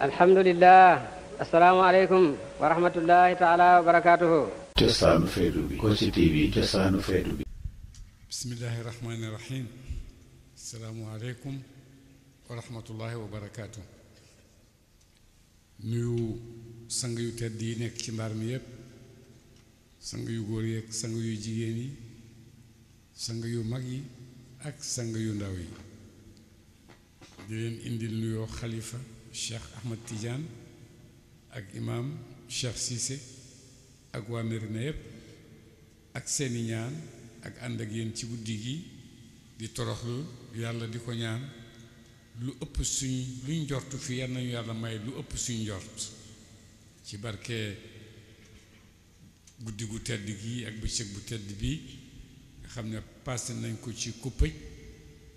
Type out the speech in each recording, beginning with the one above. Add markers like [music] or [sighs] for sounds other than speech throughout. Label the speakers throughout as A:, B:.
A: alhamdulilah asalaamaaleykum wa rahmatullahi taala wa wa barakaatu nuyu sang yu tedd yi nekk ci mbaar mi yépp sang yu góor yi sang yu jigéen yi sang yu mag yi ak sang yu ndaw yi di leen indil nuyoo xalifa cheikh Ahmed Tidiane ak imaam cheikh Cissé ak waa Mérina yépp ak seeni ñaan ak ànd ak yéen ci guddi gi di toroxlu yàlla di ko ñaan lu ëpp suñ luñ jortu fi yal nañu yàlla may lu ëpp suñ jort ci barke guddi gu tedd gi ak bëccëg bu tedd bi nga xam ne passé nañ ko ci kuppëj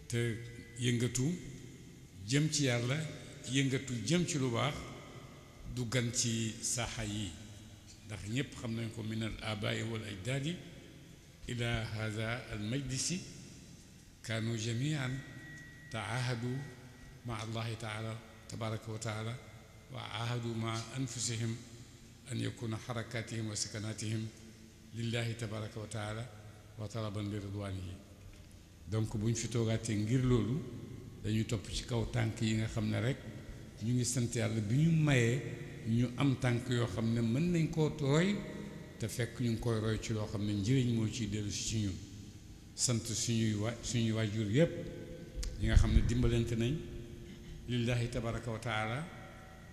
A: te yëngatu jëm ci yàlla yëngatu jëm ci lu baax du gan ci saaxa yi ndax ñëpp xam nañ ko min al abai wal ajdaadi ila hada al majlisi kaanu jamian taahadu ma allahi taala tabaraka wa taala wa ahadu ma anfusihim an yakuna xarakatihim wa sakanatihim lillahi tabaraka wa taala wa talaban li ridwanihi donc buñ fi toogaatee ngir loolu dañuy topp ci kaw tànk yi nga xam ne rek ñu ngi sant yàlla bi ñu mayee ñu am tànk yoo xam ne mën nañ koo roy te fekk ñu ngi koy roy ci loo xam ne njëriñ moo ciy dellu si ci ñun sant suñuy wa suñuy waajur yépp ñi nga xam ne dimbalante nañ lillahi tabaraka wa taala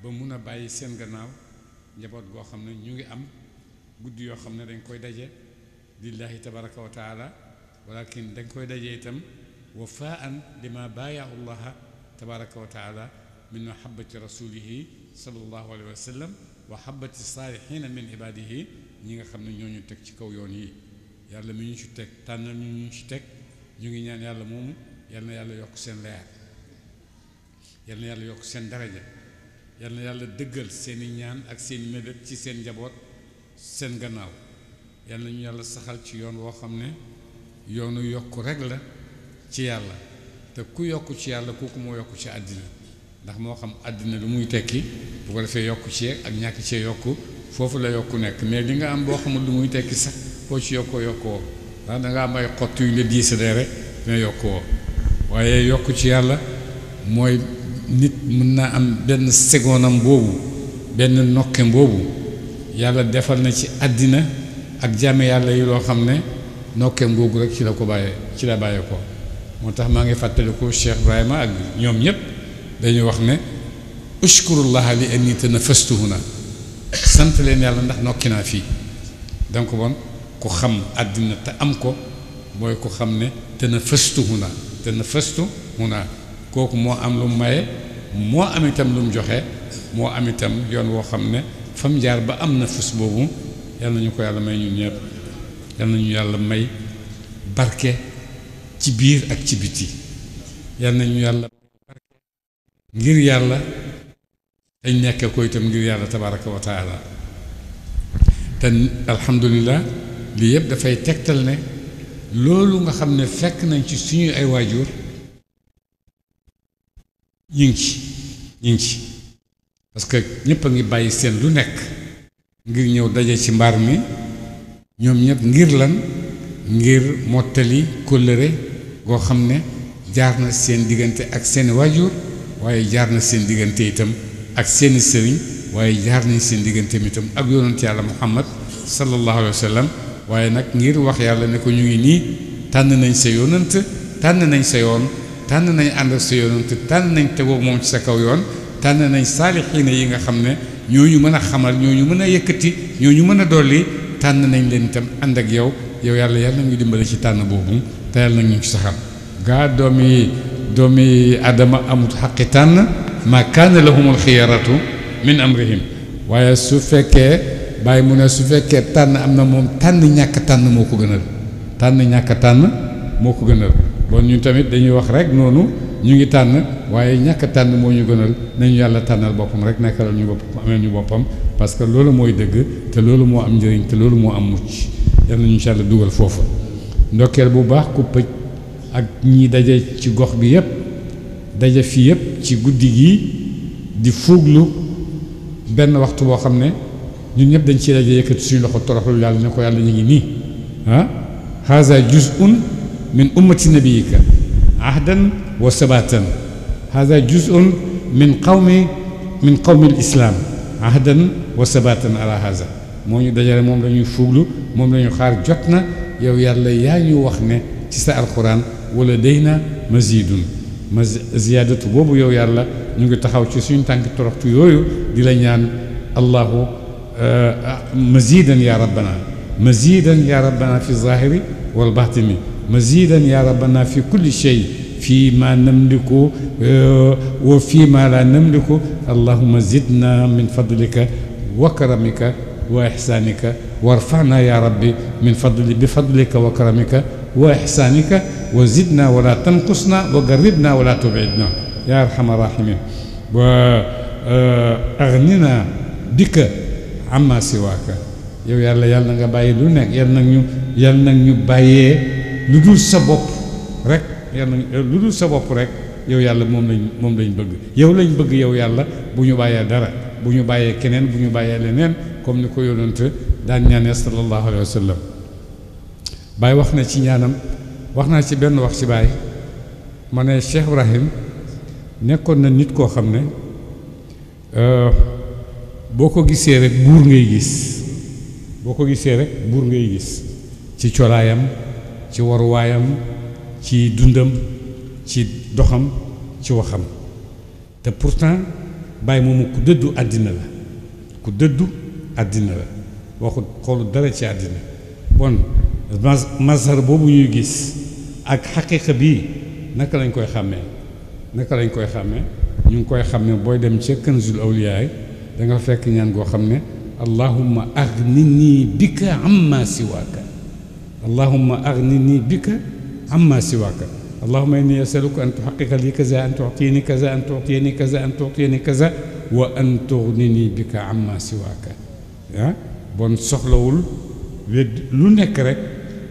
A: ba mun a bàyyi seen gannaaw njaboot goo xam ne ñu ngi am guddi yoo xam ne dañ koy daje lillahi tabaraka wa taala walakin dañ koy daje itam wafaan lima baayahu llaha tabaraka wa taala min mahabbati rasulihi sallallahu alayhi wa sallam wa habbati saalihiina min ibaadihi ñi nga xam ne ñoo ñu teg ci kaw yoon yi yàlla mi ñu ci teg tànnal ñu ñu ci teg ñu ngi ñaan yàlla moomu yal yàlla yokk seen leer yal yàlla yokk seen daraja yal na yàlla dëggal seeni ñaan ak seeni mébét ci seen njaboot seen gannaaw yal na ñu yàlla saxal ci yoon woo xam ne yoonu yokk rek la ci yàlla te ku yokk ci yàlla kooku moo yokk ci àddina ndax moo xam àddina lu muy tekki bu ko defee yokk ci ak ñàkk cee yokk foofu la yokku nekk mais li nga am boo xamul lu muy tekki sax boo ci yokkoo yokkoo ndax da nga yu la diisalee rek dina yokkoo waaye yokku ci yàlla mooy nit mën naa am benn segonam boobu benn nokkem boobu yàlla defal na ci àddina ak jàmme yàlla yi loo xam ne nokkem boobu rek ci la ko bàyyee ci la bàyyee ko moo tax maa ngi fàttaliku Cheikh Ibrahima ak ñoom ñëpp. dañuy wax ne ushkurullaha li anni tanafastu huna sant leen yàlla ndax nokki naa fii donc bon ku xam àddina te am ko mooy ku xam ne tanafastu huna tanafastu huna kooku moo am lu maye moo am itam lu joxe moo am itam yoon woo xam ne fa jaar ba am na fës boobu yàlla nañu ko yàlla may ñun ñëpp yàlla nañu yàlla may barke ci biir ak ci biti yàlla nañu yàlla ngir yàlla dañ nekk ko itam ngir yàlla tabaraka wa taala te alhamdulilah lii yëpp dafay tegtal ne loolu nga xam ne fekk nañ ci suñuy ay waajur ñu ngi ci ñu ngi ci parce que ñëpp a ngi bàyyi seen lu nekk ngir ñëw daje ci mbaar mi ñoom ñëpp ngir lan ngir mottali kóllëre goo xam ne jaar na seen diggante ak seeni waajur waaye jaar na seen diggante itam ak seeni sëriñ waaye jaar nañ seen diggante itam ak yonent yàlla muhammad sallallahu alayhi wa sallam waaye nag ngir wax yàlla ne ko ñu ngi nii tànn nañ sa yonent tànn nañ sa yoon tànn nañ ànd ak sa yonent tànn nañ tegoo moom ci sa kaw yoon tànn nañ saalixiina yi nga xam ne ñu mën a xamal ñu mën a yëkkati ñu mën a dolli tànn nañ leen itam ànd ak yow yow yàlla yàlla nañu dimbali ci tànn boobu te yàlla doomi Adama am xaqi tànn ma kaana lahumul xiyaratu min amrihim waaye su fekkee bàyyi mu ne su fekkee tànn am na moom tànn ñàkk tànn moo ko gënal tànn ñàkk tànn moo ko gënal bon ñun tamit dañuy wax rek noonu ñu ngi tànn waaye ñàkk tànn moo ñu gënal nañu yàlla tànnal boppam rek nekkal ñu boppam amee ñu boppam parce que loolu mooy dëgg te loolu moo am njëriñ te loolu moo am mucc yal na ñu si dugal foofu ndokkeel bu baax ku pëj. ak ñi daje ci gox bi yépp daje fii yépp ci guddi gi di fuuglu benn waxtu boo xam ne ñun ñëpp dañ ci daje yëkkati suñu loxo toroxlu yàlla ne ko yàlla ñu ngi nii ah haza juz'un min ummati nabiyika ahdan wa sabatan haza juz'un min qawmi min qawmi al-islam ahdan wa sabatan ala haza moo ñu dajale moom la ñuy fuuglu moom la ñu xaar jot na yow yàlla yaa ñu wax ne ci sa alquran ولدينا مزيد زيادة بوبو يو يالا نيغي تخاو سي سون تانك تروخ تو يويو دي لا نيان الله آه، مزيدا يا ربنا مزيدا يا ربنا في الظاهر والباطن مزيدا يا ربنا في كل شيء فيما نملك آه، وفيما لا نملك اللهم زدنا من فضلك وكرمك واحسانك وارفعنا يا ربي من فضل بفضلك وكرمك واحسانك وزدنا ولا تنقصنا وقربنا ولا تبعدنا يا ارحم الراحمين واغننا آه، بك عما سواك يا يلا يلا يالا لونك يالا يلا باي لودو سبوب رك يلا لودو سبوب رك يا يالا موم لاي بغ يا لاي بغ يا يلا بونيو باي دارا بونيو باي كينين بونيو باي لينين كوم نكو يونت دان نيان صلى الله عليه وسلم Baye wax na ci ñaanam wax naa ci benn wax ci Baye ma ne Cheikh nekkoon na nit koo xam ne euh, boo ko gisee rek buur ngay gis boo ko gisee rek buur ngay gis ci colaayam ci waruwaayam ci dundam ci doxam ci waxam te pourtant Baye moomu ku dëddu àddina la ku dëddu àddina la waxut xoolu dara ci àddina bon mazhar boobu ñuy gis ak xaqiqa bii naka lañ koy xàmmee naka lañ koy xàmmee ñu ngi koy xàmmee booy dem ca kanzul awliyaay da nga fekk ñaan goo xam ne allahumma aghnini bika amma siwaaka allahumma aghnini bika amma siwaaka allahumma inni asaluka an tuhaqiqa li kaza an tu'tini kaza an tu'tini kaza an tu'tini kaza wa an tughnini bika amma siwaaka ah bon soxlawul wedd lu nekk rek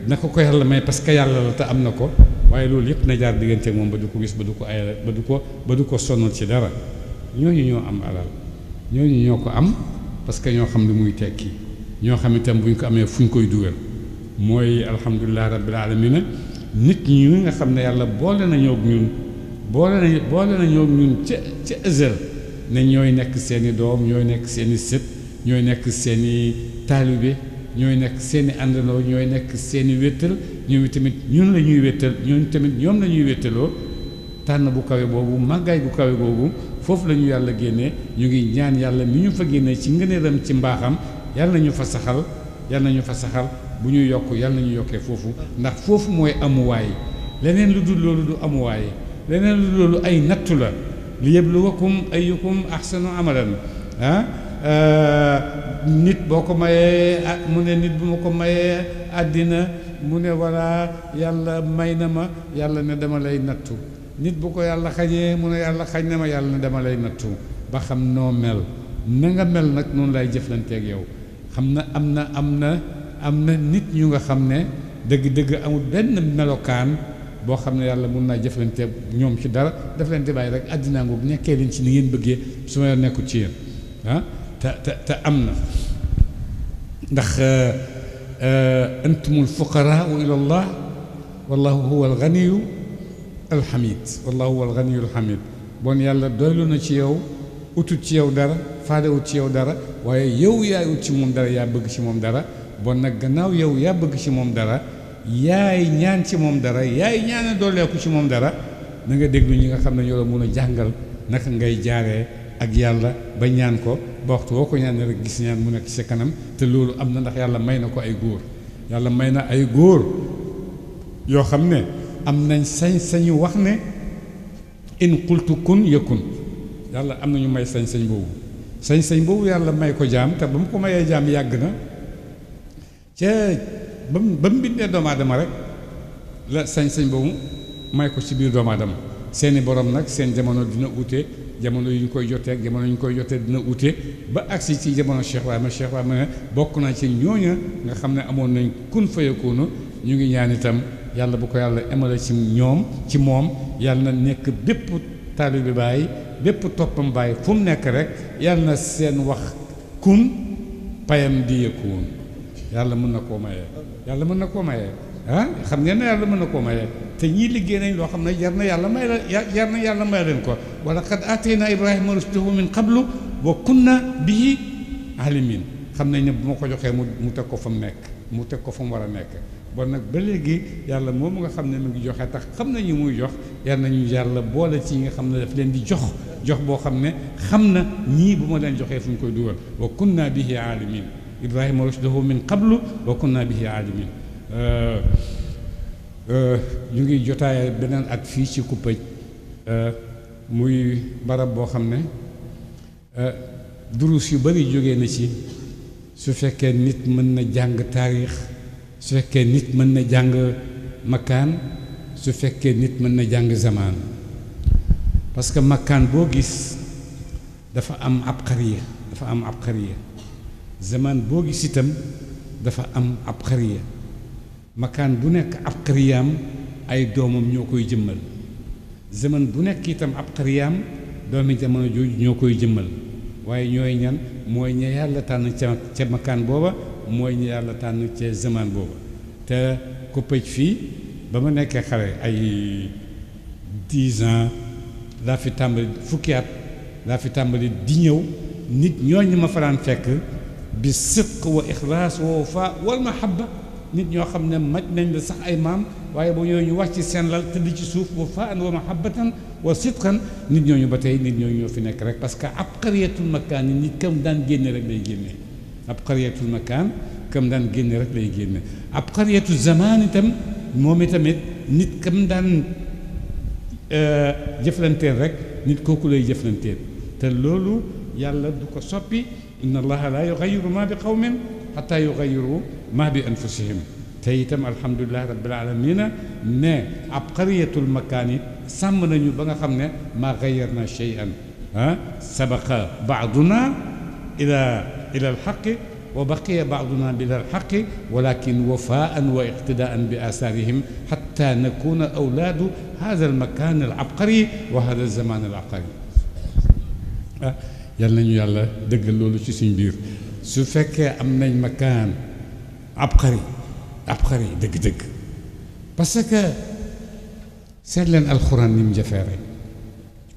A: na ko ko yàlla may parce que yàlla la te am na ko waaye loolu yëpp na jaar diggante moom ba du ko gis ba du ko ayal ba du ko ba du ko sonal ci dara ñooñu ñoo am alal ñooñu ñoo ko am parce que ñoo xam li muy tekki ñoo xam itam bu ñu ko amee fu ñu koy dugal mooy alhamdulilah rabbil alamina nit ñi nga xam ne yàlla boole na ñëw ñun boole na boole na ñoog ñun ca ca ëzël ne ñooy nekk seen i doom ñooy nekk seen i sët ñooy nekk seen i taalibe ñooy nekk seen i àndandoo ñooy nekk seeni i wéttal ñoom tamit ñun la ñuy wéttal ñooñu tamit ñoom la ñuy wéttaloo tànn bu kawe boobu màggaay bu kawe boobu foofu la ñu yàlla génne ñu ngi ñaan yàlla mi ñu fa génnee ci ngëneelam ci mbaaxam yàlla na ñu fa saxal yàlla na ñu fa saxal bu ñu yokk yàlla na ñu yokkee foofu ndax foofu mooy amuwaay leneen lu dul loolu du amuwaay leneen lu dul loolu ay nattu la li yabluwakum ayyukum ahsanu amalan ah Euh, nit boo ko mayee mu ne nit bu ma ko mayee àddina mu ne walla yàlla may na ma yàlla ne dama lay nattu nit bu ko yàlla xañee mu ne yàlla xañ na ma yàlla ne dama lay nattu ba xam noo mel na mel nag noonu lay jëflanteeg yow xam na am na am na am na nit ñu nga xam ne dëgg-dëgg amul benn melokaan boo xam ne yàlla mun naa jëflante ñoom ci dara daf leen di bàyyi rek àddinaa ngoog nekkee leen ci ni ngeen bëggee su ma nekkul ci yéen ah. تأمنا دخ آه، آه، أنتم الفقراء إلى الله والله هو الغني الحميد والله هو الغني الحميد بون يالا دويلو نا سي يو اوتو سي يو دارا فادا اوت سي يو دارا واي يو يا اوت سي موم دارا يا بغ سي موم دارا بون نا غناو يو يا بغ سي موم دارا ياي نيان سي موم دارا ياي نيان دوليو كو سي موم دارا نغا ديغلو نيغا خامنا نيو لا مونا جانغال ناك غاي جاري اك يالا با نيان كو ba waxtu woo ko ñaanee rek gis ñaan mu nekk ci kanam te loolu am na ndax yàlla may na ko ay góor yàlla may na ay góor yoo xam ne am nañ sañ-sañu wax ne in qultu kun yakun yàlla am na ñu may sañ-sañ boobu sañ-sañ boobu yàlla may ko jaam te ba mu ko mayee jaam yàgg na ca ba mu ba mu bindee doomu rek la sañ-sañ boobu may ko ci biir doomu seeni borom nag seen jamono dina wute jamono yu ñu koy jotee ak jamono yu ñu koy jotee dina ute ba agsi ci jamono Cheikh Ibrahima Cheikh Ibrahima ne bokk naa ci ñooña nga xam ne amoon nañ kun fayakoonu ñu ngi ñaan itam yàlla bu ko yàlla emale ci ñoom ci moom yàlla na nekk bépp taalibe Baay bépp toppam Baay fu mu nekk rek yàlla na seen wax kun payam di yëkkuwoon yàlla mën na koo maye yàlla mën na koo maye. ah xam ngeen ne yàlla mën na koo maye te ñii liggéey nañ loo xam ne jar na yàlla may la jar na yàlla may leen ko wala qad aatayna ibrahima rushdahu min qablu wa kunna bihi alimin xam nañ ne bu ma ko joxee mu mu teg ko fa mu nekk mu teg ko fa mu war a nekk bon nag ba léegi yàlla moom nga xam ne mu ngi joxe tax xam nañu muy jox yal nañu yàlla boole ci nga xam ne daf leen di jox jox boo xam ne xam na ñii bu ma leen joxee fu ñu koy dugal wa kunna bihi alimin ibrahima rushdahu min qablu wa kunna bihi alimin Euh, euh, ñu ngi jotaay beneen ak fii ci Kuppëj euh, muy barab boo xam ne duruus yu bari jóge na ci su fekkee nit mën na jàng taarix su fekkee nit mën na jàng makkaan su fekkee nit mën na jàng zamaan parce que makkaan boo gis dafa am ab xariya dafa am ab xariya zamaan boo gis itam dafa am ab xariya makaan bu nekk ab xariyaam ay doomam ñoo koy jëmmal zaman bu nekk itam ab xariyaam doomi jamono jooju ñoo koy jëmmal waaye ñooy ñan mooy ña yàlla tànn ca ca makaan booba mooy ña yàlla tànn ca zaman booba te ko pëj fii ba ma nekkee xale ay dix ans laa fi tàmbali fukki at laa fi tàmbali di ñëw nit ñooñu ma faraan fekk bi sidq wa ixlaas wa wafa mahabba nit ñoo xam ne maj nañ la sax ay maam waaye ba ñooñu wàcc seen lal tëdd ci suuf wa faan wa mahabbatan wa sidqan nit ñooñu ba tey nit ñooñu ñoo fi nekk rek parce que ab xariyatul makaan yi nit kam daan génne rek lay génne ab xariyatul makaan kam daan génne rek lay génne ab xariyatu zaman itam moom itamit nit kam daan jëflanteel rek nit kooku lay jëflanteel te loolu yàlla du ko soppi inna allaha la yughayyiru ma bi qawmin حتى يغيروا ما بانفسهم تيتم الحمد لله رب العالمين ن عبقريه المكان سام نانيو باغا خامني ما غيرنا شيئا ها سبق بعضنا الى الى الحق وبقي بعضنا بلا الحق ولكن وفاء واقتداء باثارهم حتى نكون اولاد هذا المكان العبقري وهذا الزمان العبقري يلا نيو يلا دغ لولو سي سين بير su fekkee am nañ makaan abqari abqari dëgg-dëgg parce que seet leen alxuraan ni mu jafee rek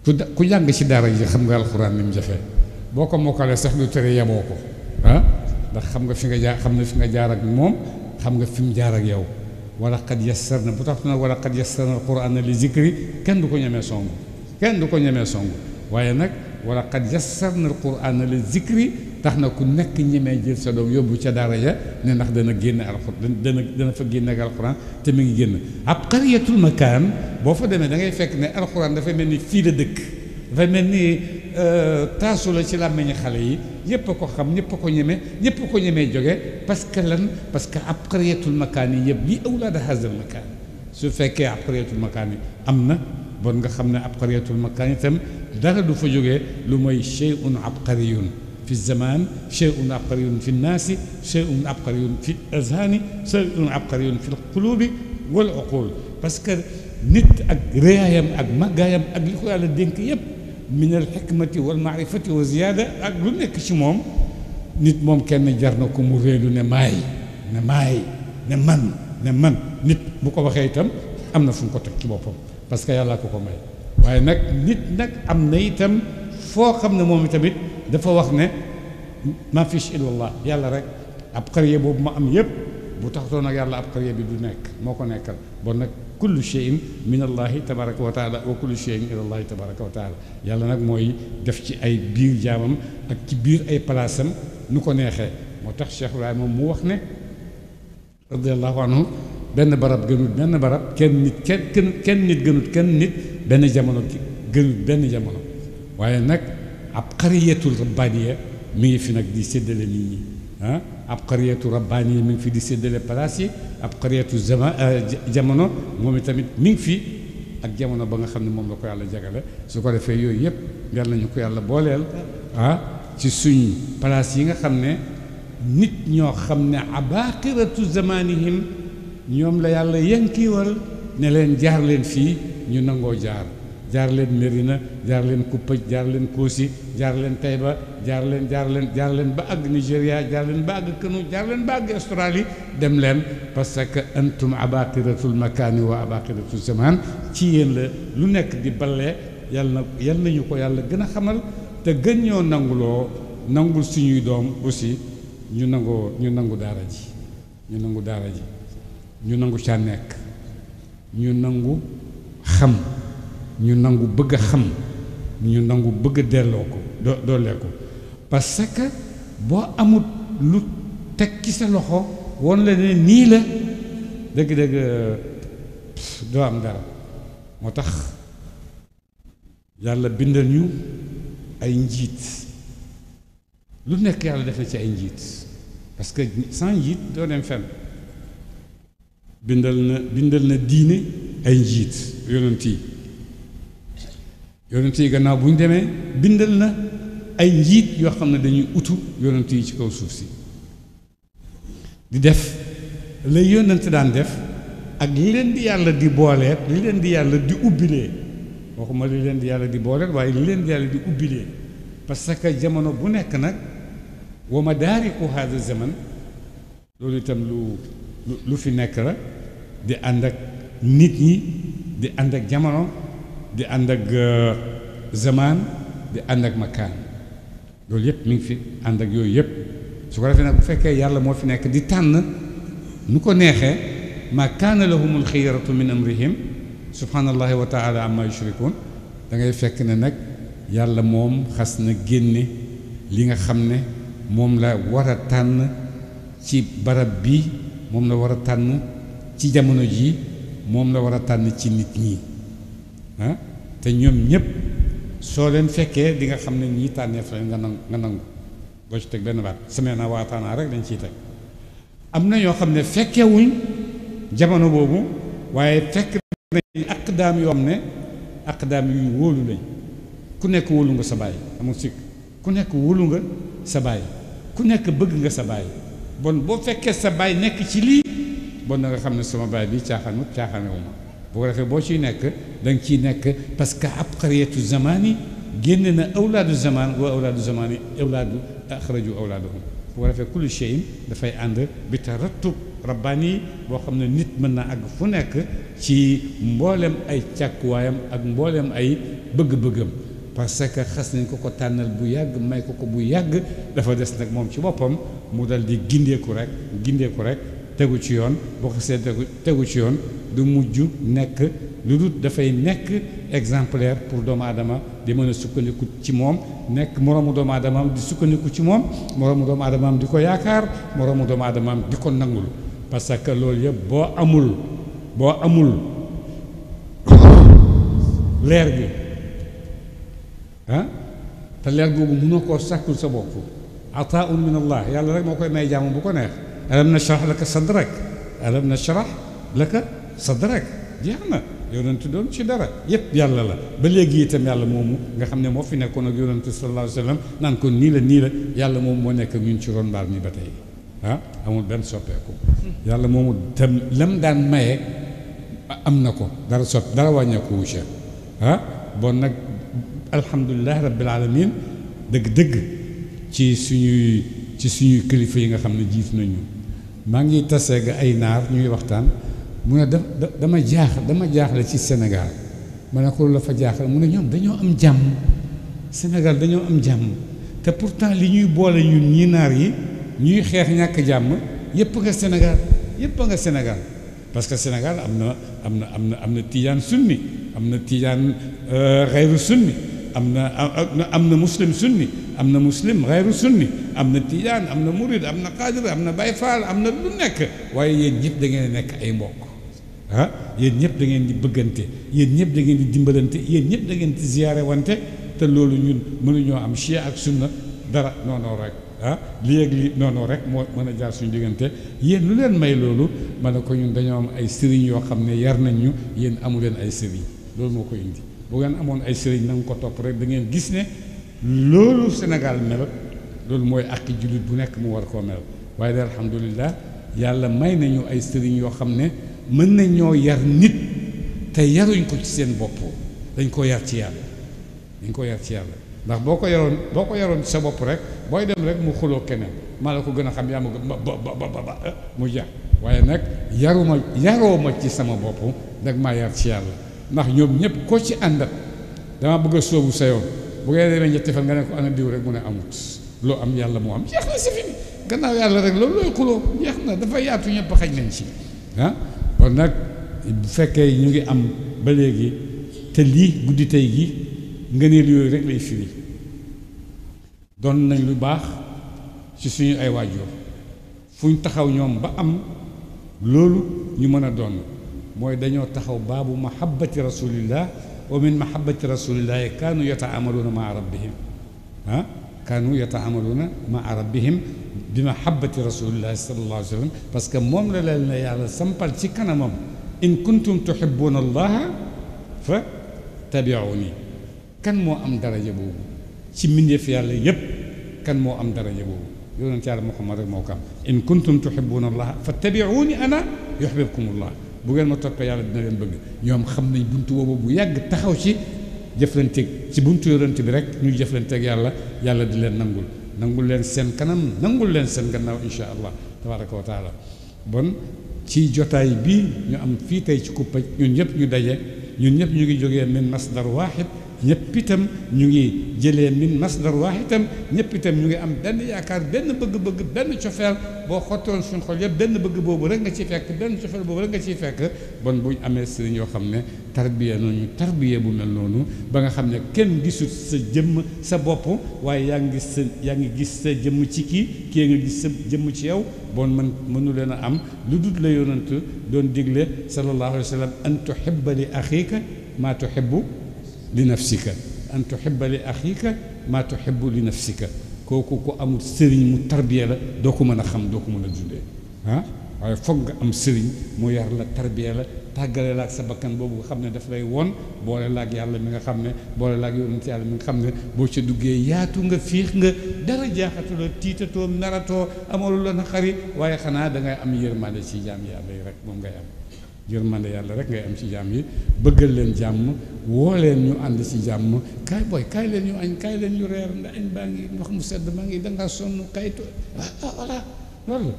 A: ku ku jàng ci dara ji xam nga alxuraan ni mu jafee boo ko mokkalee sax du tere yaboo ko ah ndax xam nga fi nga jaar xam na fi nga jaar ak moom xam nga fi mu jaar ak yow wala qad yassar na bu tax na wala qad yassar na alxuraan li zikri kenn du ko ñemee songu kenn du ko ñemee songu waaye nag wala qad yassar na alxuraan li zikri ndax na ku nekk ñemee jël sa doom yóbbu ca daara ja ne ndax dana génn alxuraan dana dana fa génn ak alxuraan te mu ngi génn ab xariyatul makaan boo fa demee da ngay fekk ne alxuraan dafay mel ni fii la dëkk dafay mel ni euh, taasu la ci làmmiñu xale yi ñëpp a ko xam ñëpp a ko ñemee ñëpp a ko ñemee jóge parce que lan parce que ab xariyatul makaan yi yëpp lii awlaada hazal makaan su fekkee ab xariyatul makaan yi am na bon nga xam ne ab xariyatul makaan itam dara du fa jógee lu mooy shay'un abqariyun في الزمان شيء عبقري في الناس شيء عبقري في الأذهان شيء عبقري في القلوب والعقول بس كر نت أجريهم أجمع جايم على الدين كيب من الحكمة والمعرفة وزيادة أقولنا كشموم نت مم كان نجرنكم مريل نماي نماي نمن نمن نت بكو بخيتم أمنا فن كتك كيبوبم بس كيالا كوكو ماي وينك نت نك أمنا يتم فوق خم نمو متبت dafa wax ne ma fish illallah yàlla rek ab xariya boobu ma am yépp bu taxatoon ak yàlla ab xariya bi du nekk moo ko nekkal bon nag kullu shay'in min allahi tabaraka wa taala wa kullu shay'in ila allahi tabaraka wa taala yàlla nag mooy def ci ay biir jaamam ak ci biir ay palaasam nu ko neexee moo tax Cheikh Ibrahima moom mu wax ne radiallahu anhu benn barab gënut benn barab kenn nit kenn kenn nit gënut kenn nit benn jamono gënut benn jamono waaye nag abqariyatu rabbaaniya mi ngi fi nag di séddale nit ñi ah abqariyatu rabbaaniya mi ngi fi di séddale palaas yi abqariyatu zama jamono moom tamit mi ngi fi ak jamono ba nga xam ne moom la ko yàlla jagale su ko defee yooyu yëpp yal nañu ko yàlla booleel ah ci suñ palaas yi nga xam ne nit ñoo xam ne abaqiratu zamanihim ñoom la yàlla yankiwal ne leen jaar leen fii ñu nangoo jaar jaar leen Mérina jaar leen Kuppëj jaar leen Koosi jaar leen Tayba jaar leen jaar leen jaar ba àgg Nigéria jaar leen ba àgg Kano jaar leen ba àgg Australie dem leen parce que antum abaqiratul makaani wa abaqiratul zaman ci yéen la lu nekk di balle yal na yàlla nañu ko yàlla gën a xamal te gën ñoo nanguloo nangul suñuy doom aussi ñu nangoo ñu nangu daara ji ñu nangu daara ji ñu nangu ca nekk ñu nangu xam ñu nangu bëgg xam ñu nangu bëgg delloo ko doo doolee ko parce que boo amut lu teg ci sa loxo woon la ne nii la dëgg-dëgg doo am dara moo tax yàlla bindal ñu ay njiit lu nekk yàlla def na ci ay njiit parce que sans njiit doo dem fenn bindal na bindal na diine ay njiit yonent yi yonent yi gannaaw bu ñu demee bindal na ay njiit yoo xam ne dañuy utu yonent yi ci kaw suuf si di def la yonent daan def ak li leen di yàlla di booleet li leen di yàlla di ubbilee waxuma li leen di yàlla di booleet waaye li leen di yàlla di ubbilee parce que jamono bu nekk nag wa madaariku haada zaman loolu itam lu lu fi nekk la di ànd ak nit ñi di ànd ak jamono di ànd ak euh, zaman di ànd ak makaan loolu yëpp mu ngi fi ànd ak yooyu yëpp su ko defee nag bu fekkee yàlla moo fi nekk di tànn nu ko neexee ma kaana lahumul xiyaratu min amrihim subhanallahi wa taala amma yushrikun da ngay fekk ne nag yàlla moom xas na génne li nga xam ne moom la war a tànn ci barab bi moom la war a tànn ci jamono ji moom la war a tànn ci nit ñi te ñoom ñëpp soo leen fekkee di nga xam ne ñii tànneef la nga nangu nga nangu boo ci teg benn baat semaine na waataanaa rek dañ ciy teg am na ñoo xam ne fekkewuñ jamono boobu waaye fekk nañ ak daam yoo xam ne ak daam yu wóolu lañ ku nekk wóolu nga sa baay amul sikk ku nekk wóolu nga sa baay ku nekk bëgg nga sa baay bon boo fekkee sa baay nekk ci lii bon na nga xam ne sama baay bi caaxaanut caaxaanewuma بوغرافي بوشي نك دنكي نك باسكو عبقرية الزمان جننا أولاد الزمان وأولاد الزمان أولاد أخرجوا أولادهم بوغرافي كل شيء دفاي عند بترتب رباني وخمنا نت منا أقفونك شي مبولم أي تاكوايم أك مبولم أي بق بقم باسكو خاصني كوكو تانل بوياغ ماي كوكو بوياغ دفا دس نك موم شي بوبم مودال دي غينديكو رك غينديكو رك tegu ci yoon boo xasee tegu tegu ci yoon du mujj nekk lu dul dafay nekk exemplaire pour doomu aadama di mën a sukkandiku ci moom nekk moroomu doomu aadamaam di sukkandiku ci moom moroomu doomu aadamaam di ko yaakaar moroomu doomu aadamaam di ko nangul parce que loolu yëpp boo amul boo amul leer gi ah te leer googu mënoo koo sàkkul sa bopp ataa un min allah yàlla rek moo koy may jaamu bu ko neex ألم نشرح لك صدرك ألم نشرح لك صدrek jeex na yonentu doon ci dara yëpp yàlla la ba léegi itam yàlla moomu nga xam ne moo fi nekkoon ak yonentu sallallahu alayhi wa sallam naan ko nii la nii la yàlla moomu moo nekk ñun ci ron mbaar mi ba tey ah amul benn soppeeku yàlla moomu tam lam daan maye am na ko dara sot dara wàññeeku wu ci ah bon nag alhamdulilah rabbil alamin dëgg-dëgg ci suñuy ci suñuy kilifa yi nga xam ne jiif nañu maa ngi taseeg ay naar ñuy waxtaan mu ne da dama jaax dama jaaxle ci Sénégal ma ne ko la fa jaaxle mu ne ñoom dañoo am jàmm Sénégal dañoo am jàmm te pourtant li ñuy boole ñun ñi naar yi ñuy xeex ñàkk jàmm yëpp nga Sénégal yëpp nga Sénégal parce que Sénégal am na am na am na am na tijaan sunni am na tijaan xayru euh, sunni am na am na muslim sunni am na muslim xayru sunni am na tijaan am na murid am na xaadir am na bay faal am na lu nekk waaye yéen ñëpp da ngeen nekk ay mbokk ah yéen ñëpp da ngeen di bëggante yéen ñëpp da ngeen di dimbalante yéen ñëpp dangeen ngeen di ziyaare wante te loolu ñun mënuñoo am chia ak sunna dara noonu rek ah lii ak lii noonu rek moo mën a jaar suñu diggante yéen lu leen may loolu ma ne ko ñu dañoo am ay sëriñ yoo xam ne yar nañ ñu yéen amu leen ay sëriñ loolu moo ko indi bu ngeen amoon ay sëriñ na ko topp rek da ngeen gis ne loolu Sénégal mel loolu mooy àqi jullit bu nekk mu war koo mel waaye de alhamdulilah yàlla may nañu ay sëriñ yoo xam ne mën nañoo yar nit te yaruñ ko ci seen bopp dañ koo yar ci yàlla ko yar ci ndax boo ko yaroon boo ko yaroon sa bopp rek booy dem rek mu xuloo keneen maa la ko gën a xam yaa ma gën ba ba ba eh, mu jeex waaye nag yaruma yaroo ma ci sama bopp nag maa yar ndax ñoom ñëpp ko ci àndat dama bëgg a sóobu sa yoon bu ngay demee ñetti fan nga ne ko ana diw rek mu ne amut lo am yàlla mo am jeex na si fi gannaaw yàlla rek loolu looy xulo jeex na dafa yaatu ñëpp xañ nañ ci ha kon nak bu fekke ñu ngi am ba legi te li guddi tay gi ngeenel yoy rek lay firi don nañ lu bax ci suñu ay wajjo fuñ taxaw ñom ba am loolu ñu mëna don moy mooy dañoo taxaw babu mahabbati rasulillah ومن محبة رسول الله كانوا يتعاملون مع ربهم ها كانوا يتعاملون مع ربهم بمحبة رسول الله صلى الله عليه وسلم بس كموم للنا يعني سمبل سيكنا مم إن كنتم تحبون الله فتابعوني كان مو أم درجة بو شي من يفيا يب كان مو أم درجة بو يقول أنت على محمد موكام إن كنتم تحبون الله فاتبعوني أنا يحببكم الله بوغن ما توبي يالا دنا لين يوم خمني بنتو بو بو ياغ شي jëflanteeg ci buntu yorante bi rek ñuy jëflanteeg yàlla yàlla di leen nangul nangul leen seen kanam nangul leen seen gannaaw insha allah tabaraka wa taala bon ci jotaay bii ñu am fii tey ci kuppa ñun ñëpp ñu daje ñun ñëpp ñu ngi jógee min masdar wahid ñëpp itam ñu ngi jëlee min masdar waa itam ñëpp itam ñu ngi am benn yaakaar benn bëgg-bëgg benn cofeel boo xottoon suñ xol yëpp benn bëgg boobu rek nga ci fekk benn cofeel boobu rek nga ciy fekk bon bu ñu amee sëriñ ñoo xam ne tarbiya noonu tarbiya bu mel noonu ba nga xam ne kenn gisul sa jëmm sa bopp waaye yaa ngi gis yaa ngi gis sa jëmm ci kii kii nga gis sa jëmm ci yow bon man mënu leen a am lu dul la yonant doon digle sallallahu alayhi wa sallam an tuhibba li axiika maa لنفسك أن تحب لأخيك ما تحب لنفسك كوكو كو أم سيرين متربية دوكو مانا خم دوكو مانا جودي ها أي فوق أم سيرين مو لا تربية لا تاغالي لا سبكان بوبو خم نا دافلاي بولا لا يالا ميغا خم بولا لا يونت يالا ميغا خم نا بو سي دوغي ياتو nga فيخ nga دارا جاخاتو لو تيتاتو ناراتو امولو لا نخاري واي خنا داغي ام يرمان سي جام yërmande yàlla rek ngay am ci jàmm yi bëggal leen jàmm woo leen ñu ànd ci jàmm kaay booy kaay leen ñu añ kaay leen ñu reer ndax añ baa ngi ndox mu sedd maa ngi dangaa sonn kaay to ah, ah, loolu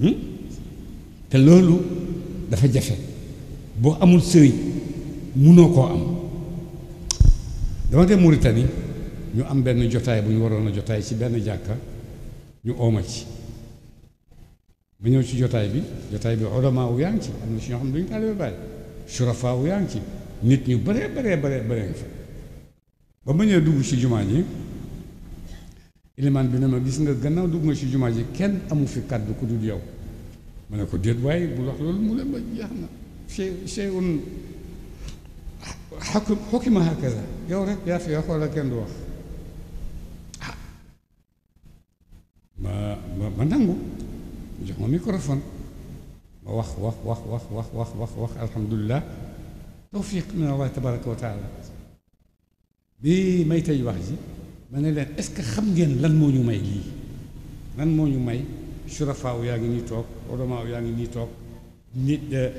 A: hmm? te loolu dafa jafe boo amul sëriñ munoo koo am dama dem Mauritanie ñu am benn jotaay bu ñu waroon a jotaay ci benn jàkka ñu ooma ci من شي جوتاي بي جوتاي بي علماء ويانتي امنا شي نخم دوين تالي باي شرفاء ويانتي نت نيو بري بري بري بري نفا بمنيو دوغو شي جماني إلمان بنما بيسنغا غناو دوغو شي جماني كن امو في كاد دوكو دو ديو منكو ديد واي بلوح لول مولي ما جيحنا شي ون حكم حكم هكذا يو رك يافي يخوى لكن دوخ ما ما ما نانغو mu jox ma microphone wax wax wax wax wax wax wax wax alhamdulilah tawfiq min allah tabaraka wa taala bi may tey wax ji ma ne leen est-ce que xam ngeen lan moo ñu may lii lan moo ñu may surafaaw yaa ngi nii toog odomaaw yaa ngi nii toog nit euh,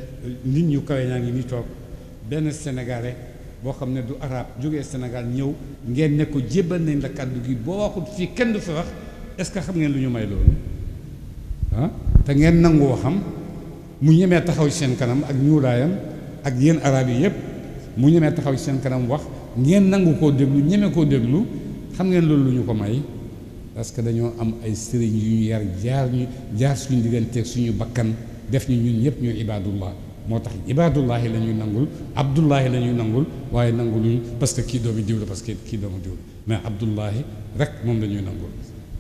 A: nit ñu kawe yaa ngi nii toog benn sénégalais boo xam ne du arab jógee senegal ñëw ngeen ne ko jébbal nañ la kàddu gi boo waxut fii kenn du fi wax est-ce que xam ngeen lu ñu may loolu ah te ngeen nangu waxam mu ñemee taxaw ci seen kanam ak ñuulaayam ak yéen arab yi yëpp mu ñemee taxaw ci seen kanam wax ngeen nangu koo déglu ñeme koo déglu xam ngeen loolu lu ñu ko parce que dañoo am ay sëriñ yu ñu yar jaar ñu jaar suñu digganteeg suñu bakkan def ñu ñun ñëpp ñu ibaadullah moo tax ibaadullahi la ñuy nangul abdullahi la ñuy nangul waaye nanguluñ parce que kii doomu diw la parce que kii doomu diw la mais abdullahi rek moom la ñuy nangul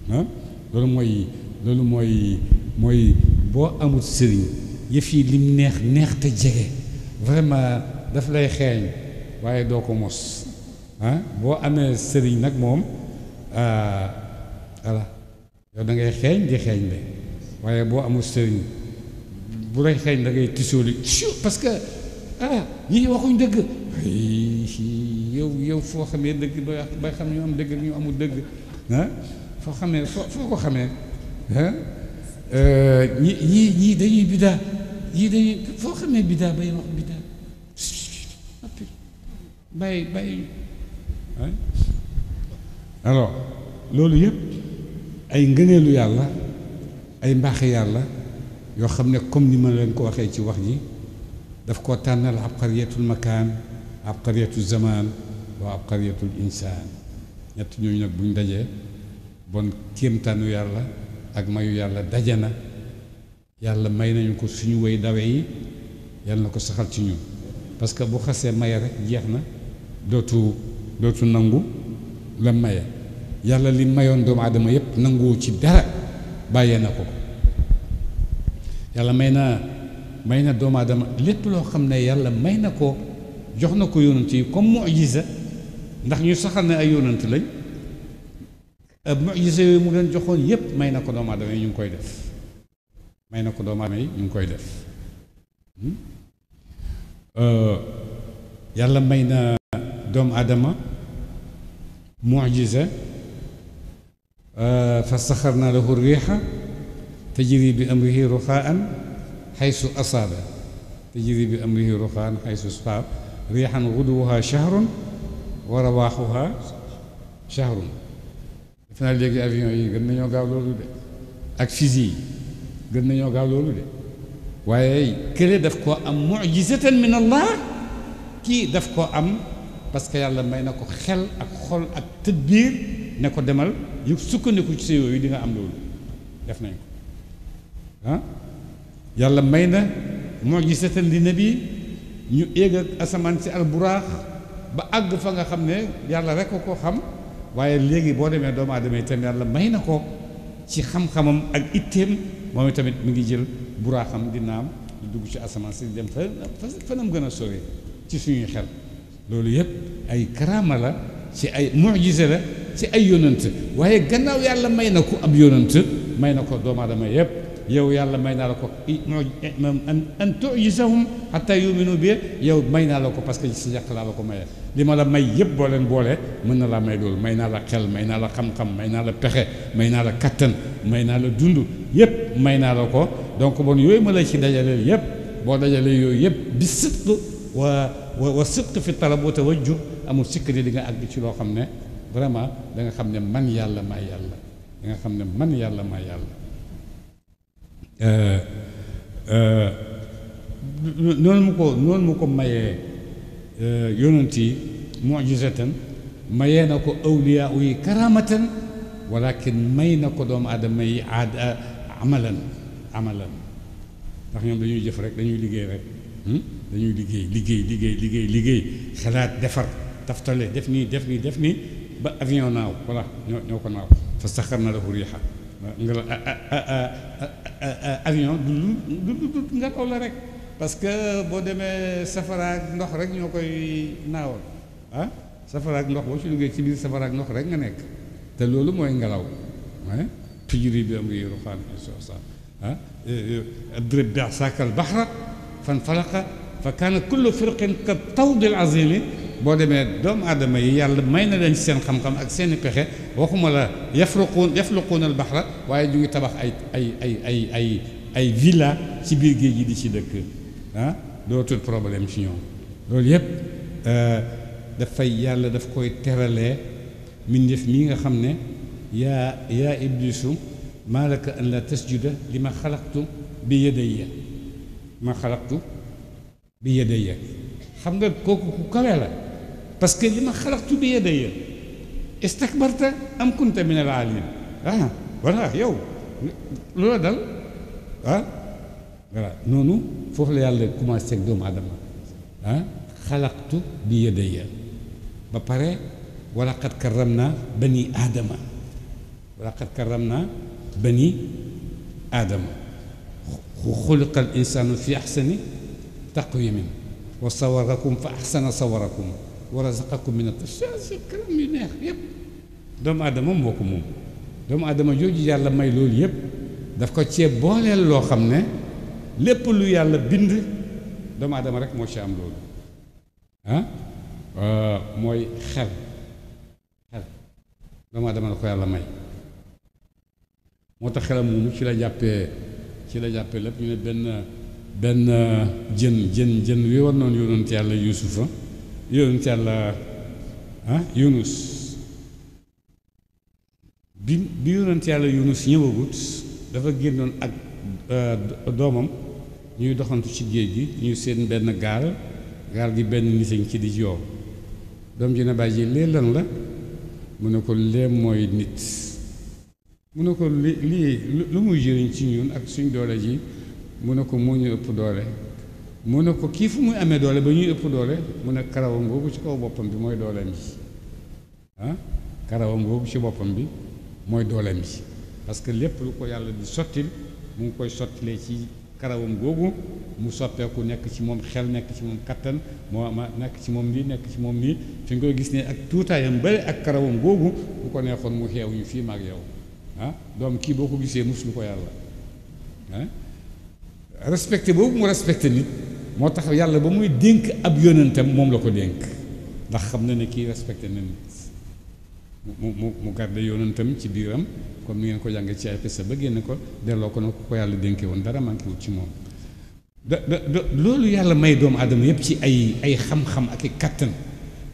A: ah loolu mooy loolu mooy mooy boo amul sëriñ yëf yi lim neex neex te jege vraiment daf lay xeeñ waaye doo ko mos ah boo amee sëriñ nag moom voilà yow da ngay xeeñ di xeeñ le waaye boo amul sëriñ bu lay xeeñ da ngay tisooli parce que ah ñii waxuñ dëgg yow yow foo xamee dëgg bay bay xam ñu am dëgg ñu amul dëgg ah foo xamee foo foo ko xamee ah يي يي دي بدا يي دي فوق ما بدا باي روح بدا باي باي الو لولو ييب اي غنيلو يالا اي مباخ يالا يو خامني كوم ني ما لين كو واخي سي واخ جي داف كو تانال عبقريه المكان عبقريه الزمان وعبقريه الانسان نيت نيو نك بون داجي بون كيم تانو يالا ak mayu yàlla daje na yàlla may nañu ko suñu woy dawee yi yàlla na ko saxal ci ñun parce que bu xasee maye rek jeex na dootu dootu nangu la maye yàlla li mayoon doomu aadama yépp nanguwu ci dara bàyyee na ko yàlla may na may na doomu aadama lépp loo xam ne yàlla may na ko jox na ko yónant yi comme mu'jiza ndax ñu saxal ne ay yónant lañ mucjise yooyu mu leen joxoon yépp may na ko doomu aadama yi ñu ngi koy def may na ko doomu aadama yi ñu ngi koy def yàlla may na doomu aadama mucjise fa saxarna lahu riixa tajri bi amrihi ruxaan xaysu asaaba tajri bi amrihi ruxaan xaysu asaaba riixan guduwuha shahrun wa rawaaxuha shahrun def naa léegi avion yi gën nañoo gaaw loolu de ak fusil yi gën nañoo gaaw loolu de waaye kële daf koo am mujizatan min allah kii daf koo am parce que yàlla may na ko xel ak xol ak tëdbiir ne ko demal yu sukkandiku ci sa yooyu di nga am loolu def nañ ko ah yàlla may na mujizatan li nabi ñu éeg ak asamaan si alburaax ba àgg fa nga xam ne yàlla rek ko xam waaye léegi boo demee doomu aadama itam yàlla may na ko ci xam-xamam ak itteem moom tamit mu ngi jël buraaxam di naam dugg ci asamaan si dem fa fanam gën a sori ci suñuy xel loolu yëpp ay karaama la ci ay mujise la ci ay yonant waaye gannaaw yàlla may na ko ab yonant may na ko doomu aadama yëpp yow yàlla may naa la ko e an tu'jizahum hatta yu'minu bi yow may naa la ko parce que si yàq laa la ko maye li ma la may yëpp boo leen boole mën na laa may loolu may naa la xel may naa la xam-xam may naa la pexe may naa la kattan may naa la dund yëpp may naa la ko donc bon yooyu ma la ci dajalee yëpp boo dajalee yooyu yëpp bi sidq wa wa sidq fi talab wa tawajjuh amul sikk li nga àgg ci loo xam ne vraiment da nga xam ne man yàlla maa yàlla da nga xam ne man yàlla maa yàlla noonu mu ko noonu mu ko mayee yonent yi mujizatan mayee na ko awliyaa yi karaamatan walakin may na ko doomu aadama yi aada amalan amalan ndax ñoom dañuy jëf rek dañuy liggéey rek dañuy liggéey liggéey liggéey liggéey liggéey xalaat defar taftale def nii def nii def nii ba avion naaw voilà ñoo ñoo ko naaw fa saxar na lahu riixa nga avion du du du ngelaw la rek parce que boo demee safara ndox rek ñoo koy naawal ah ndox boo ci duggee ci biir safara ak ndox rek nga nekk te loolu mooy ngelaw ah tujri bi amri ruxaan soosa ah adrib eh, eh, bi asaakal baxra fan falaqa fa kaana kullu firqin ka tawdil azimi boo demee doomu aadama yi yàlla may na leen seen xam-xam ak seen i pexe waxuma la yafruquun yafruquun al baxra waaye ñu ngi tabax ay ay ay ay ay ay villa ci biir géej gi di ci dëkk ah dootul problème ci ñoom loolu yëpp dafay yàlla daf koy teralee mbindeef mii nga xam ne yaa yaa iblisu maa laka an la tasjuda li ma xalaqtu bi yadayya ma xalaqtu bi yadayya xam nga kooku ku kawe la بس قال ما خلقت بيدي استكبرت ام كنت من العالين اه ولا يو لو دل اه ولا نو نو فوف لي على كوما سيك دوم ادم ها آه. خلقت بيدي بباري ولقد كرمنا بني ادم ولقد كرمنا بني ادم خلق الانسان في احسن تقويم وصوركم فاحسن صوركم wa razaqakum min at-tayyibaat si kanam yu neex yëpp doomu aadama moo ko moom doomu aadama jooju yàlla may loolu yëpp daf ko ceeb booleel loo xam ne lépp lu yàlla bind doomu aadama rek moo ci am loolu ah euh, mooy xel xel doomu aadama la ko yàlla may moo tax xelam moomu ci la jàppee ci la jàppee lépp ñu ne benn benn jën jën jën wi war noonu yónent yàlla yuusufa yonent yàlla ah yunus ñëwagut dafa génnoon ak eh, doomam ñuy doxantu ci géej gi ñu seen benn gaal gaal gi benn nitañ ci di yow doom ji ne bàyyi lee lan la mu ne ko lee mooy nit mu ne ko li lii lu muy jëriñ ci ñun ak suñ doole ji mu ne ko moo ñu ëpp doole mu ne ko kii fu muy amee doole ba ñuy ëpp doole mu ne karawam googu ci kaw boppam bi mooy dooleem ji ah karawam googu ci boppam bi mooy dooleem ji parce que lépp lu ko yàlla di sottil mu ngi koy sottilee ci karawam googu mu soppeeku nekk ci moom xel nekk ci moom kattan moo ma nekk ci moom nii nekk ci moom nii fi nga koy gis ne ak tuutaayam bare ak karawam googu bu ko neexoon mu xeew ñu fii maag yow ah doom kii boo ko gisee mus lu ko yàlla ah respecté boobu mu respecté nit moo tax yàlla ba muy dénk ab yonentam moom la ko dénk ndax xam na ne kii respecté na nit mu mu mu garde yonentam ci biiram comme ni ngeen ko jàngee ci ay pesa ko delloo ko na ko yàlla dénkee woon dara manqué wut ci moom da da loolu yàlla may doomu aadama yépp ci ay ay xam-xam ak i kàttan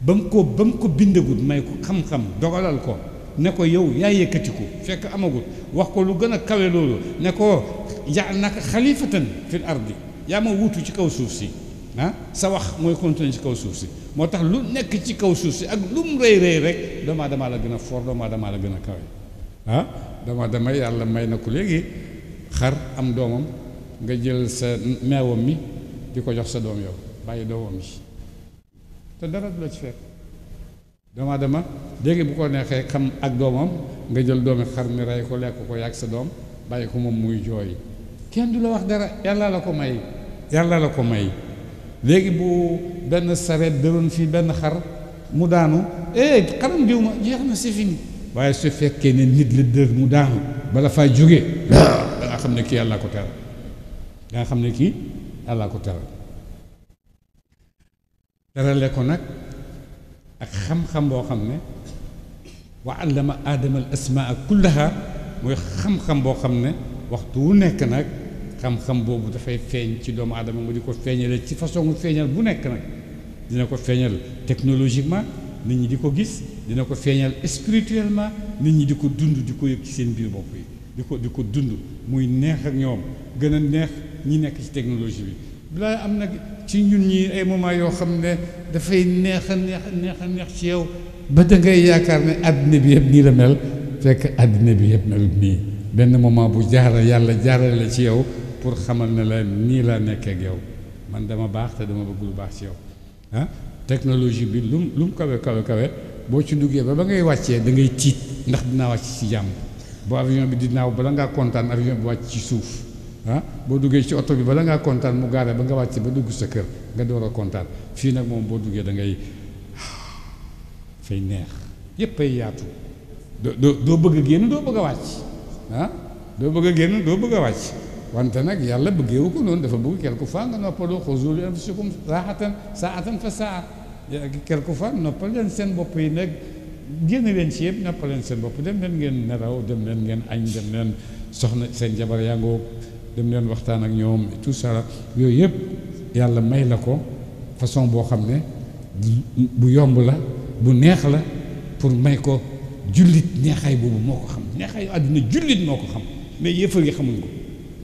A: ba mu ko ba mu ko bindagut may ko xam-xam dogalal ko ne ko yow yaa yëkkati ko fekk amagut wax ko lu gën a kawe loolu ne ko jaal naka xalifatan fil ardi yaa ma wuutu ci kaw suuf si ah sa wax mooy continuer ci kaw suuf si moo tax lu nekk ci kaw suuf si ak lu mu rëy rëy rek doomu aadama la gën a foor doomaa aadama la gën a kawe ah yàlla may na ko léegi xar am doomam nga jël sa meewam mi di ko jox sa doom yow bàyyi doomam yi te dara du la ci fekk doomu aadama léegi bu ko neexee xam ak doomam nga jël doomi xar mi rey ko lekk ko yàgg sa doom bàyyi ko moom muy jooy kenn du la wax dara yàlla la ko may yàlla la ko may léegi bu benn sareet dëroon fii benn xar mu daanu eh xaram diw ma jeex na si fini waaye su fekkee ne nit la dër mu daanu bala faa jógee da nga xam ne kii yàlla ko teral da nga xam ne kii yàlla ko teral terale ko nag ak xam-xam boo xam ne wa allama aadama al asmaa kullaha mooy xam-xam boo xam ne waxtu wu nekk nag xam-xam boobu dafay feeñ ci doomu aadama mu di ko feeñale ci façon feeñal bu nekk nag dina ko feeñal technologiquement nit ñi di ko gis dina ko feeñal spirituellement nit ñi di ko dund di ko yëg ci seen biir bopp yi di ko di ko dund muy neex ak ñoom gën a neex ñi nekk ci technologie bi bilaa am nag ci ñun ñi ay moment yoo xam ne dafay neex a neex neex a neex ci yow ba da ngay yaakaar ne àddina bi yëpp nii la mel fekk àddina bi yëpp mel nii benn moment bu jaara yàlla jaarale la ci yow pour xamal ne la nii laa nekk ak yow man dama baax te dama bëgg lu baax ci yow ah technologie bi lu mu lu mu kawe kawe kawe boo ci duggee ba ba ngay wàccee da ngay tiit ndax dinaa wàcc ci jàmm boo avion bi dinaaw bala ngaa kontaan avion wàcc ci suuf ah boo duggee ci oto bi bala ngaa kontaan mu gaare ba nga wàccee ba dugg sa kër nga door a kontaan fii nag moom boo duggee da ngay [sighs] fay neex yéppay yaatu doo doo bëgg génn doo bëgg a wàcc doo bëgg a génn doo bëgg a wàcc ah, wante nag yàlla bëggee wu ko noonu dafa bëgg quelquefois nga noppaloo xuzu li anfusikum raaxatan saatan fa saa quelquefois noppal leen seen bopp yi nekk génn leen ci yëpp noppal seen bopp dem leen ngeen neraw dem leen ngeen añ dem leen soxna seen jabar yàngoo dem leen waxtaan ak ñoom tout ça yooyu yëpp yàlla may la ko façon boo xam ne bu yomb la bu neex la pour may ko jullit neexaay boobu moo ko xam neexaayu àdduna jullit moo ko xam mais yëfër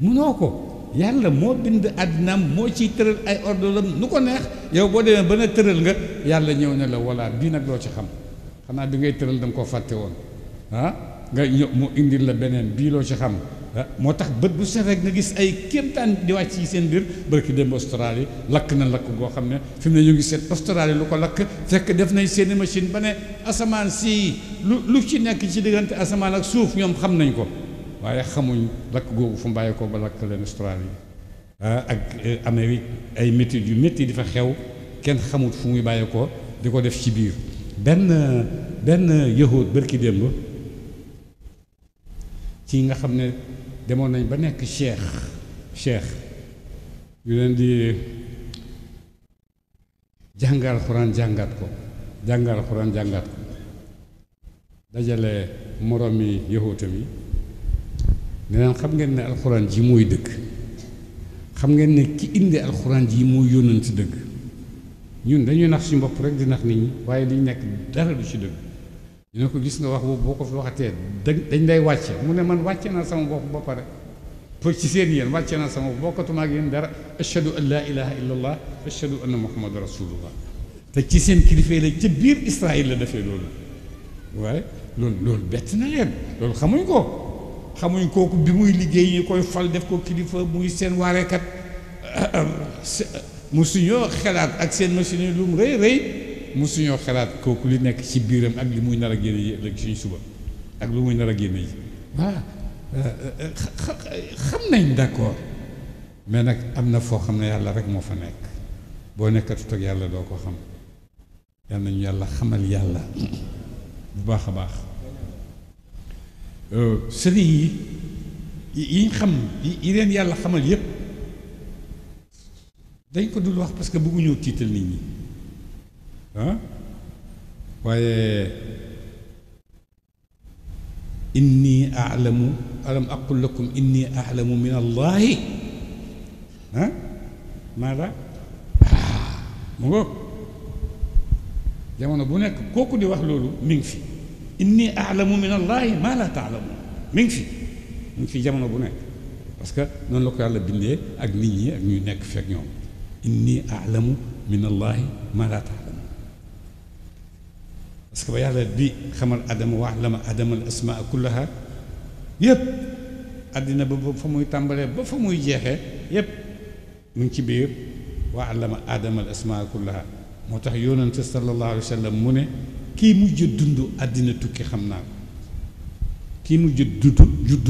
A: munoo ko yàlla moo bind àddinaam moo ci tëral ay ordre lam nu ko neex yow boo demee ba ne tëral nga yàlla ñëw ne la voilà bii nag loo ci xam xanaa bi ngay tëral da nga koo fàtte woon ah nga ñëw mu indil la beneen bii loo ci xam ah, moo tax bët bu set rek nga gis ay kéemtaan di wàcc ci seen biir barki dem Australie lakk na lakk goo xam ne fi mu ne ñu ngi seet Australie lu ko lakk fekk def nañ seeni machine ba ne asamaan si lu lu ci nekk ci diggante asamaan ak suuf ñoom xam nañ ko waaye xamuñ lakk googu fu mu bàyyi ko ba lakk leen Australie ah, ak eh, Amérique ay métit yu métti di fa xew kenn xamut fu muy bàyyi ko di ko def ci biir benn benn yëhoot bërki démb ci nga xam ne demoon nañ ba nekk cheikh cheikh yu leen di jàngal xuraan jàngat ko jàngal xuraan jàngat dajale moroom mi yëhootam yi ne leen xam ngeen ne alxuraan ji mooy dëgg xam ngeen ne ki indi alxuraan ji mooy yónnant dëgg ñun dañuy nax suñu bopp rek di nax nit ñi waaye liñ nekk dara du ci dëgg ñu ne ko gis nga wax boobu boo ko fi waxatee dañ lay wàcce mu ne man wàcce naa sama bopp ba pare pour ci seen yéen wàcce naa sama bokkatuma ak yéen dara ashhadu an laa ilaha illa allah ashhadu anna muhammadu rasulullah te ci seen kilifa la ca biir israil la defee loolu waaye loolu loolu bett na leen loolu xamuñ ko xamuñ kooku bi muy liggéey ñi koy fal def ko kilifa muy seen kat musuñu xelaat ak seen machine lu mu reey rëy musuñoo xelaat kooku li nekk ci biiram ak li muy nara gëné génne suñu suba ak lu muy nara gëné wa xam nañ d'accord mais nak amna fo foo yàlla rek mo fa nekk boo nekkatut tok yàlla do ko xam yalla ñu yàlla xamal yàlla bu baaxa baaxa Euh, sëriñ yi yiñ xam yi leen yàlla xamal yépp dañ ko dul wax parce que bëgguñu tiital nit ñi ah waaye inni alamu alam aqul lakum inni alamu min allahi ah maada ah, mu ngoog jamono bu nekk kooku di wax loolu mi ngi fi اني اعلم من الله ما لا تعلمون مين في مين في جامعه بنات باسكو نون لوكو يالا بيندي اك نيت ني اك ني نيك فيك نيوم اني اعلم من الله ما لا تعلم باسكو يالا بي خمر ادم واعلم ادم الاسماء كلها يب ادنا بو فموي تامبالي با فموي جيهي يب من سي بير واعلم ادم الاسماء كلها موتاخ يونس صلى الله عليه وسلم مو kii mujj dund àddina tukki xam naa ko kii mujj judd judd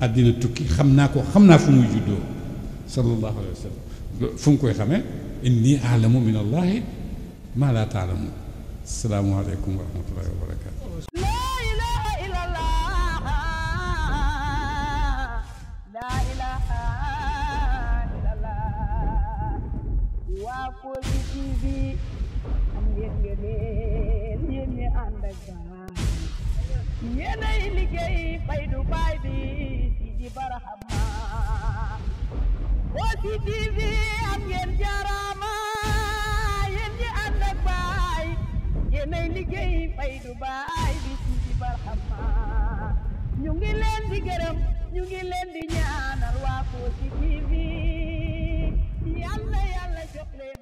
A: àddina tukki xam naa ko xam naa fu muy juddoo sallallahu alayhi wa sallam fu mu koy xamee inni aalamu min allahi maa laa taalamu asalaamualeykum wa rahmatullahi wa barakatu yéenay liggéey Faydu Baay bi Sidi Barhama Kossy TV am ngeen jaaraama yéen ñi ànd ak baay yéenay liggéey Faydu Baay bi Sidi Barhama ñu ngi leen di gërëm ñu ngi leen di ñaanal waa Kossy TV yàlla yàlla jox leen